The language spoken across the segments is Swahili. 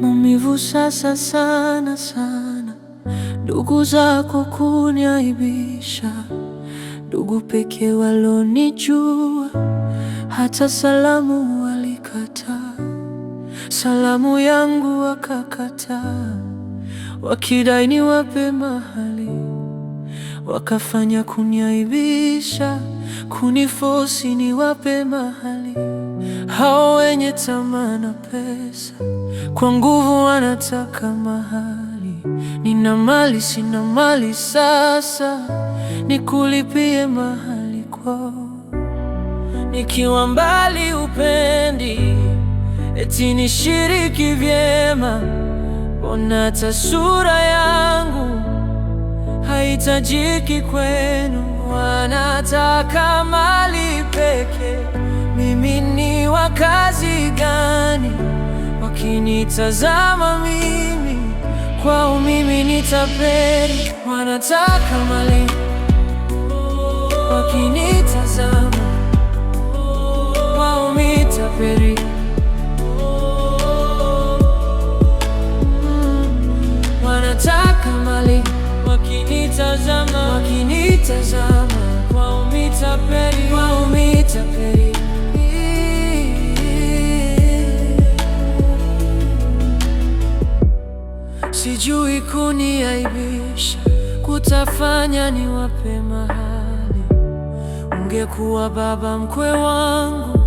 Maumivu sasa sana sana, ndugu zako kuniaibisha, ndugu pekee walonijua hata salamu salamu yangu wakakataa, wakidai niwape mahali, wakafanya kuniaibisha, kunifosi niwape mahali. Hao wenye tamaa na pesa kwa nguvu wanataka mahali. Nina mali, sina mali, sasa nikulipie mahali kwao, nikiwa mbali upendi eti nishiriki vyema, mbona taswira yangu haitajiki kwenu? Wanataka mali peke, mimi ni wa kazi gani? Wakinitazama mimi kwao, mimi ni tapeli. Wanataka mali wakinitazama kwao, mimi sijui kuniaibisha kutafanya ni wape mahali. Ungekuwa baba mkwe wangu,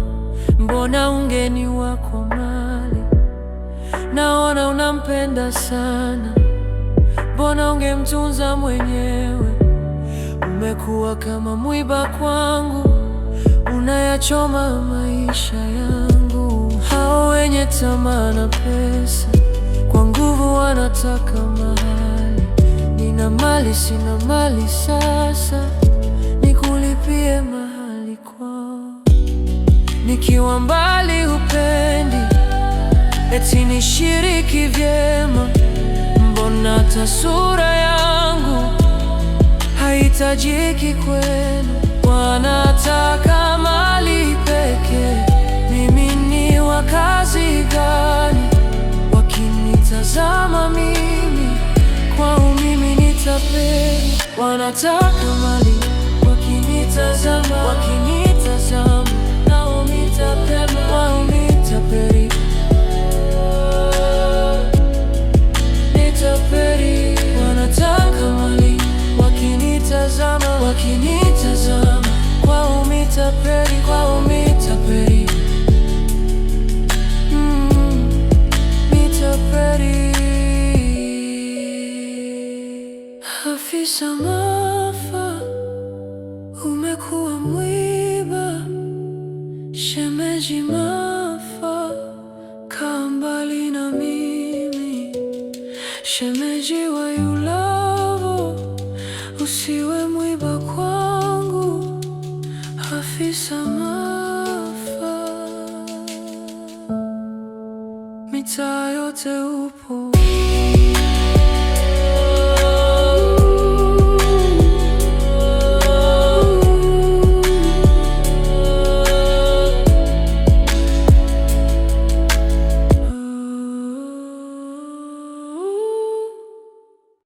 mbona ungeni wako mali? Naona unampenda sana, mbona ungemtunza mwenyewe? umekuwa kama mwiba kwangu, unayachoma maisha yangu. Hao wenye tamaa na pesa kwa nguvu wanataka mahali. Nina mali, sina mali, sasa nikulipie mahali kwao. Nikiwa mbali hupendi, eti nishiriki vyema, mbona tasura hawahitajiki kwenu, wanataka mali pekee. Mimi ni wa kazi gani? Wakinitazama mimi, kwao mimi ni tapeli. Wanataka mali, wakinitazama wakini wakinitazama kwa umitapeli kwa umitapeli mm, mm-hmm. mitapeli afisa maafa umekuwa mwiba shemeji maafa kaa mbali na mimi shemeji wa yula to pour.